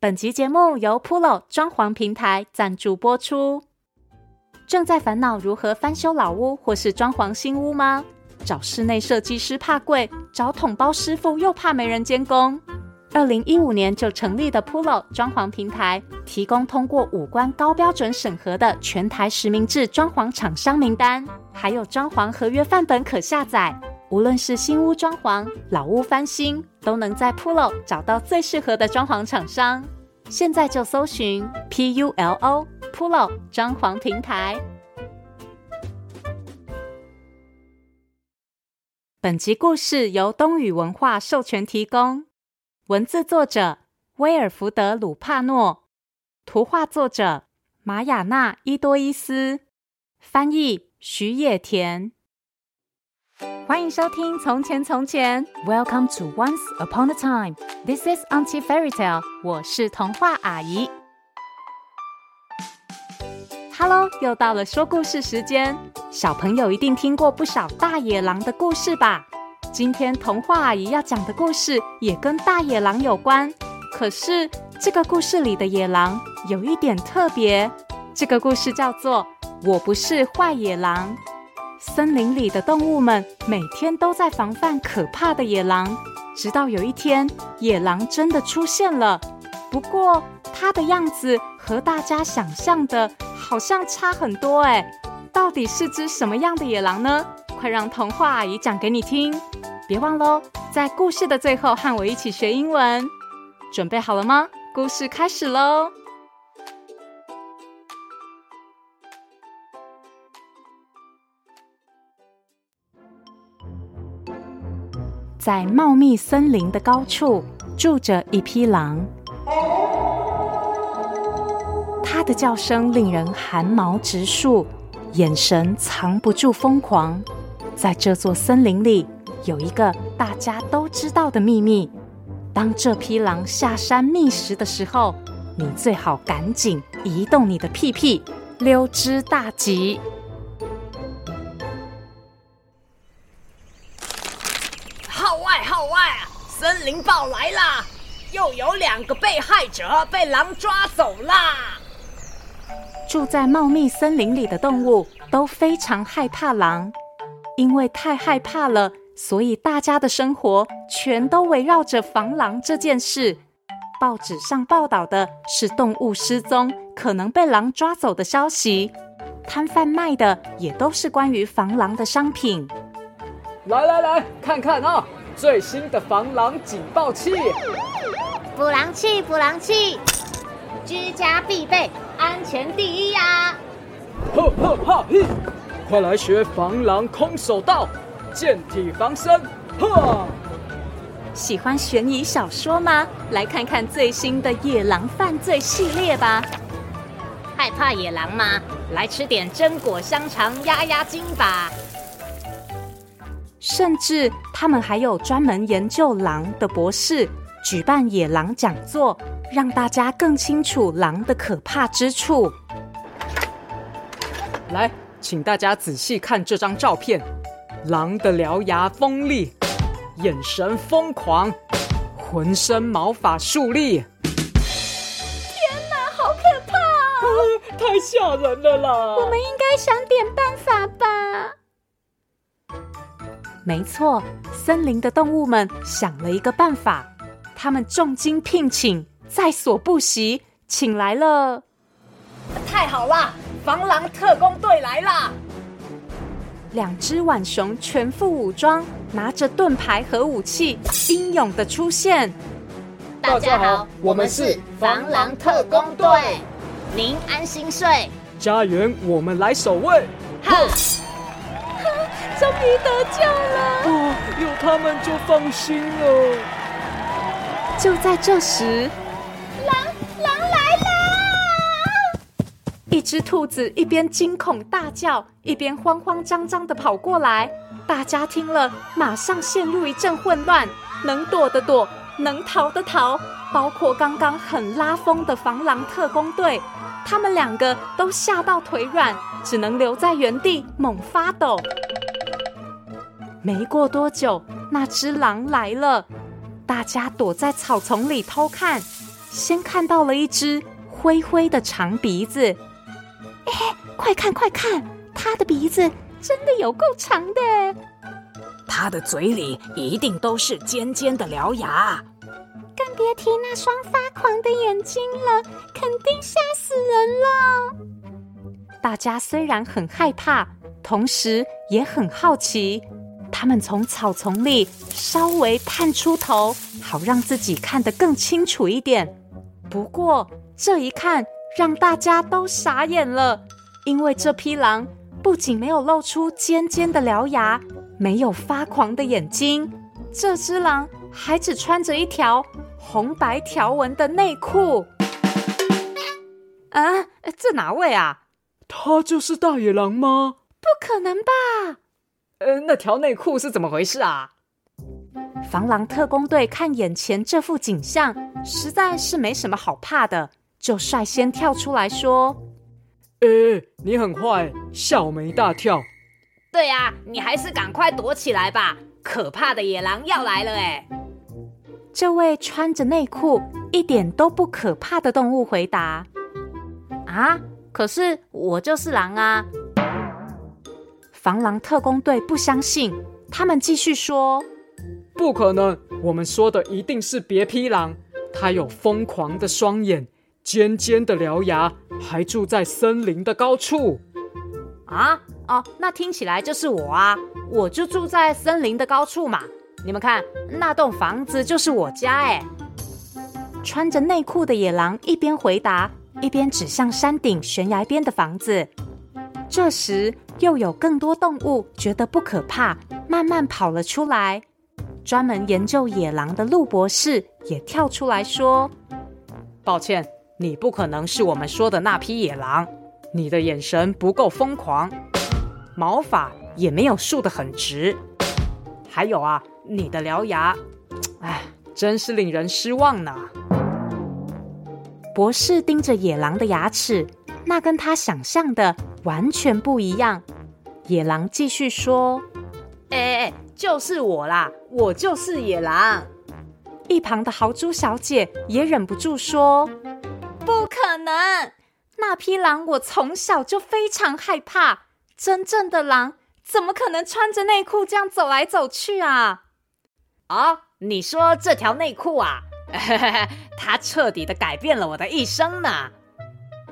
本集節目由 PULO 裝潢平台贊助播出。正在煩惱如何翻修老屋或是裝潢新屋嗎？找室內設計師怕貴，找統包師傅又怕沒人監工。二零一五年就成立的 PULO 裝潢平台，提供通過五關高標準審核的全台實名制裝潢廠商名單，還有裝潢合約範本可下載。無論是新屋裝潢、老屋翻新，都能在 PULO 找到最適合的裝潢廠商。現在就搜尋 PULO PULO 裝潢平台。本集故事由東雨文化授權提供，文字作者威爾福德·魯帕諾，圖畫作者瑪雅娜·伊多伊斯，翻譯徐也恬。歡迎收聽《從前從前》，Welcome to Once Upon a Time。This is Auntie Fairy Tale。我是童話阿姨。Hello，又到了說故事時間。小朋友一定聽過不少大野狼的故事吧？今天童話阿姨要講的故事也跟大野狼有關。可是這個故事裡的野狼有一點特別。這個故事叫做《我不是壞野狼》。森林裡的動物們每天都在防範可怕的野狼，直到有一天，野狼真的出現了。不過，它的樣子和大家想象的好像差很多哎，到底是隻什麼樣的野狼呢？快讓童話阿姨講給你聽，別忘嘍，在故事的最後和我一起學英文，準備好了嗎？故事開始嘍。在茂密森林的高處住着一匹狼，它的叫聲令人寒毛直豎，眼神藏不住瘋狂。在這座森林裡，有一個大家都知道的秘密：當這匹狼下山覓食的時候，你最好趕緊移動你的屁屁，溜之大吉。警報來了，又有兩個被害者被狼抓走啦！住在茂密森林裡的動物都非常害怕狼，因為太害怕了，所以大家的生活全都圍繞着防狼這件事。報紙上報道的是動物失蹤、可能被狼抓走的消息，攤販賣的也都是關於防狼的商品。來來來，看看啊、哦！最新的防狼警報器，捕狼器，捕狼器，居家必備，安全第一呀、啊！哈哈，嘿， 快來學防狼空手道，健體防身，哈！喜歡懸疑小說嗎？來看看最新的《野狼犯罪》系列吧。害怕野狼嗎？來吃點榛果香腸壓壓驚吧。甚至他們還有專門研究狼的博士，舉辦野狼講座，讓大家更清楚狼的可怕之處。來，請大家仔細看這張照片，狼的獠牙鋒利，眼神瘋狂，渾身毛髮豎立。天哪，好可怕哦，呵呵！太嚇人了啦！我們應該想點辦法吧。沒錯，森林的動物們想了一個辦法，他們重金聘請，在所不惜，請來了。太好啦！防狼特攻隊來了！兩隻浣熊全副武裝，拿着盾牌和武器，英勇的出現。大家好，我們是防狼特攻隊，您安心睡，家園我們來守衛。哼！終於得救了！不，有他們就放心了。就在這時，狼狼來啦！一只兔子一邊驚恐大叫，一邊慌慌張張地跑過來。大家聽了，馬上陷入一陣混亂，能躲的躲，能逃的逃。包括剛剛很拉風的防狼特攻隊，他們兩個都嚇到腿軟，只能留在原地猛發抖。沒過多久，那只狼來了，大家躲在草叢裡偷看，先看到了一隻灰灰的長鼻子。哎，快看快看，它的鼻子真的有夠長的。它的嘴裡一定都是尖尖的獠牙，更別提那雙發狂的眼睛了，肯定嚇死人了。大家雖然很害怕，同時也很好奇。他們從草叢裡稍微探出頭，好讓自己看得更清楚一點。不過這一看讓大家都傻眼了，因為這匹狼不僅沒有露出尖尖的獠牙，沒有發狂的眼睛，這只狼還只穿着一條紅白條紋的內褲。啊，這哪位啊？他就是大野狼嗎？不可能吧！呃，那條內褲是怎麼回事啊？防狼特攻隊看眼前這幅景象，實在是沒什麼好怕的，就率先跳出來說：“誒，你很壞，嚇我們一大跳。”“對呀，你還是趕快躲起來吧，可怕的野狼要來了。”“哎，這位穿着內褲，一點都不可怕的動物回答：‘啊，可是我就是狼啊。’”防狼特攻隊不相信，他們繼續說：“不可能，我們說的一定是別匹狼。它有瘋狂的雙眼，尖尖的獠牙，還住在森林的高處。”啊，哦，那聽起來就是我啊！我就住在森林的高處嘛。你們看，那棟房子就是我家。哎，穿着內褲的野狼一邊回答，一邊指向山頂懸崖邊的房子。這時。又有更多動物覺得不可怕，慢慢跑了出來。專門研究野狼的陸博士也跳出來說：“抱歉，你不可能是我們說的那匹野狼。你的眼神不夠瘋狂，毛髮也沒有豎得很直，還有啊，你的獠牙……哎，真是令人失望呢。”博士盯着野狼的牙齒。那跟他想象的完全不一樣。野狼繼續說：“哎，就是我啦，我就是野狼。”一旁的豪豬小姐也忍不住說：“不可能！那匹狼我從小就非常害怕，真正的狼怎麼可能穿着內褲這樣走來走去啊？”哦，你說這條內褲啊？呵呵呵，它徹底的改變了我的一生呢。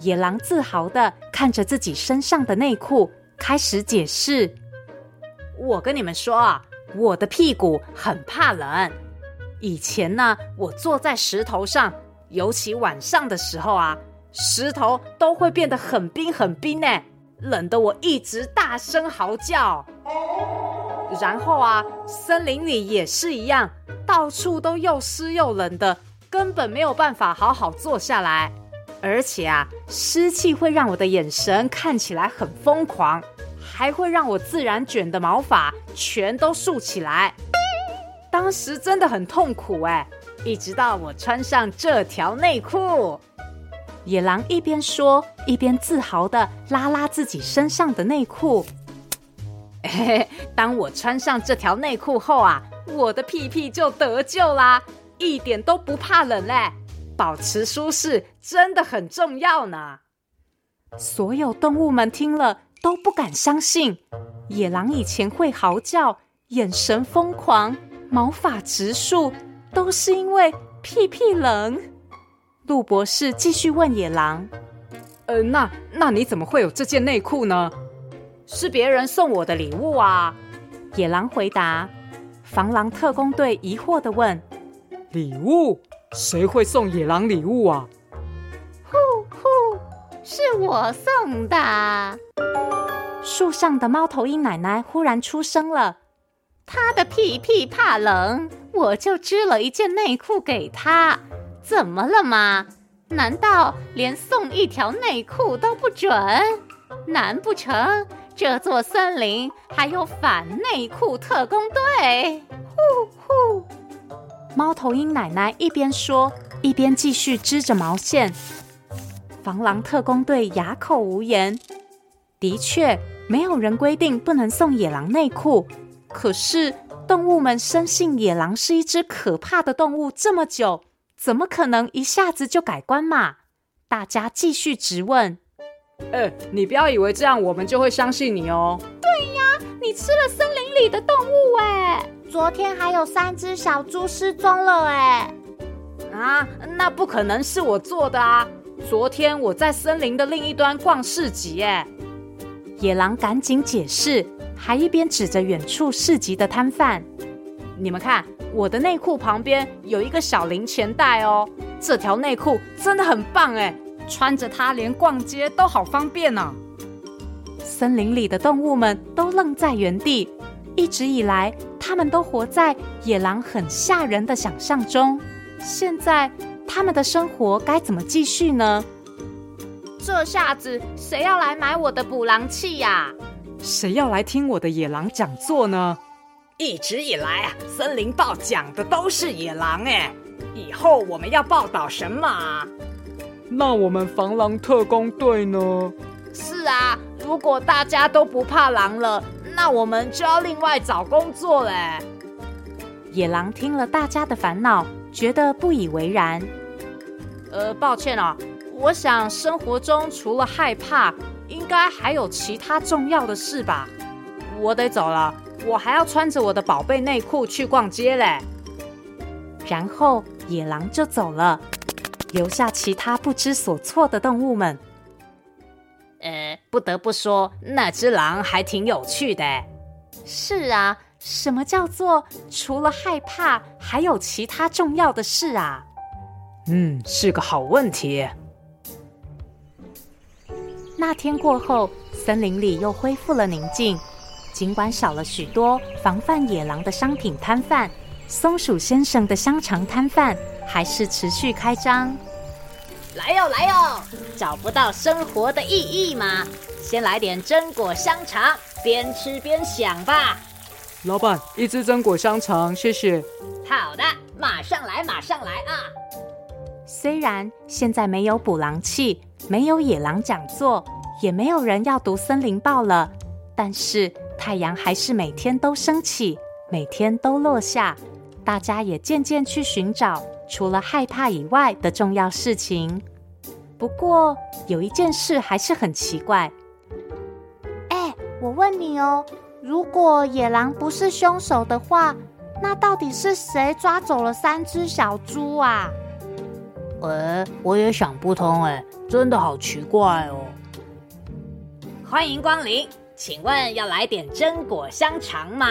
野狼自豪地看着自己身上的內褲，開始解釋：“我跟你們說啊，我的屁股很怕冷。以前呢，我坐在石頭上，尤其晚上的時候啊，石頭都會變得很冰很冰欸，冷得我一直大聲嚎叫。然後啊，森林裡也是一樣，到處都又濕又冷的，根本沒有辦法好好坐下來。”而且啊，濕氣會讓我的眼神看起來很瘋狂，還會讓我自然捲的毛髮全都豎起來。當時真的很痛苦哎、欸，一直到我穿上這條內褲。野狼一邊說，一邊自豪地拉拉自己身上的內褲。嘿嘿， 當我穿上這條內褲後啊，我的屁屁就得救啦，一點都不怕冷嘞、欸。保持舒適真的很重要呢。所有動物們聽了都不敢相信，野狼以前會嚎叫、眼神瘋狂、毛髮直豎，都是因為屁屁冷。陸博士繼續問野狼：“呃，那那你怎麼會有這件內褲呢？是別人送我的禮物啊。”野狼回答。防狼特攻隊疑惑的問：“禮物？”誰會送野狼禮物啊？呼呼，是我送的。樹上的貓頭鷹奶奶忽然出聲了，她的屁屁怕冷，我就織了一件內褲給她。怎麼了嘛？難道連送一條內褲都不准？難不成這座森林還有反內褲特工隊？呼呼。貓頭鷹奶奶一邊說，一邊繼續織着毛線。防狼特攻隊啞口無言。的確，沒有人規定不能送野狼內褲。可是，動物們深信野狼是一隻可怕的動物，這麼久，怎麼可能一下子就改觀嘛？大家繼續質問。呃、欸，你不要以為這樣我們就會相信你哦。對呀，你吃了森林裡的動物誒。昨天還有三隻小豬失蹤了哎！啊，那不可能是我做的啊！昨天我在森林的另一端逛市集哎！野狼趕緊解釋，還一邊指着遠處市集的攤販：“你們看，我的內褲旁邊有一個小零錢袋哦。這條內褲真的很棒哎，穿着它連逛街都好方便呢、啊。”森林裡的動物們都愣在原地，一直以來，他們都活在野狼很嚇人的想象中，現在他們的生活該怎麼繼續呢？這下子誰要來買我的捕狼器呀、啊？誰要來聽我的野狼講座呢？一直以來啊，森林報講的都是野狼，誒，以後我們要報道什麼？那我們防狼特工隊呢？是啊，如果大家都不怕狼了。那我們就要另外找工作嘞。野狼聽了大家的煩惱，覺得不以為然。呃，抱歉哦，我想生活中除了害怕，應該還有其他重要的事吧？我得走了，我還要穿着我的寶貝內褲去逛街嘞。然後野狼就走了，留下其他不知所措的動物們。不得不說，那隻狼還挺有趣的。是啊，什麼叫做除了害怕，還有其他重要的事啊？嗯，是個好問題。那天過後，森林裡又恢復了寧靜，儘管少了許多防範野狼的商品攤販，松鼠先生的香腸攤販還是持續開張。來喲、哦，來喲、哦！找不到生活的意義嗎？先來點榛果香腸，邊吃邊想吧。老闆，一隻榛果香腸，謝謝。好的，馬上來，馬上來啊！雖然現在沒有捕狼器，沒有野狼講座，也沒有人要讀森林報了，但是太陽還是每天都升起，每天都落下。大家也漸漸去尋找除了害怕以外的重要事情。不過有一件事還是很奇怪，哎、欸，我問你哦，如果野狼不是凶手的話，那到底是誰抓走了三隻小豬啊？欸、我也想不通哎、欸，真的好奇怪哦。歡迎光臨，請問要來點榛果香腸嗎？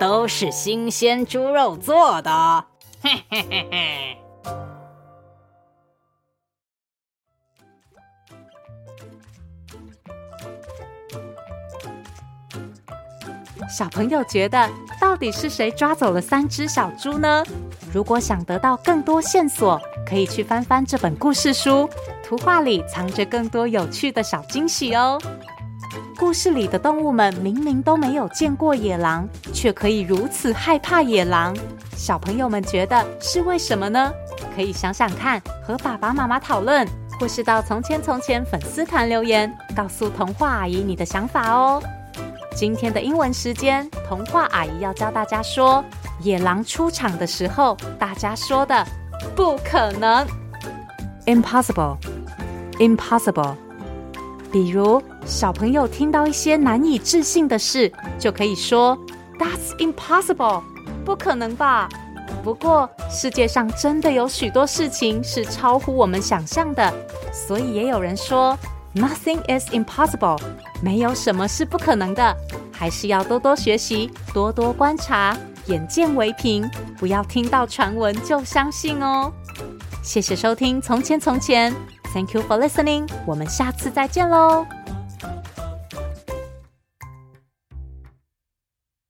都是新鮮豬肉做的、哦，嘿嘿嘿嘿。小朋友覺得，到底是誰抓走了三隻小豬呢？如果想得到更多線索，可以去翻翻這本故事書，圖畫裡藏着更多有趣的小驚喜哦。故事裡的動物們明明都沒有見過野狼，卻可以如此害怕野狼，小朋友們覺得是為什麼呢？可以想想看，和爸爸媽媽討論，或是到“從前從前”粉絲團留言，告訴童話阿姨你的想法哦。今天的英文時間，童話阿姨要教大家說，野狼出場的時候，大家說的“不可能 ”，impossible，impossible。Impossible. Impossible. 比如小朋友聽到一些難以置信的事，就可以說 “That's impossible，不可能吧？”不過世界上真的有許多事情是超乎我們想象的，所以也有人說。Nothing is impossible。沒有什麼是不可能的。還是要多多學習，多多觀察，眼見為憑，不要聽到傳聞就相信哦。謝謝收聽《從前從前》，Thank you for listening。我們下次再見嘍。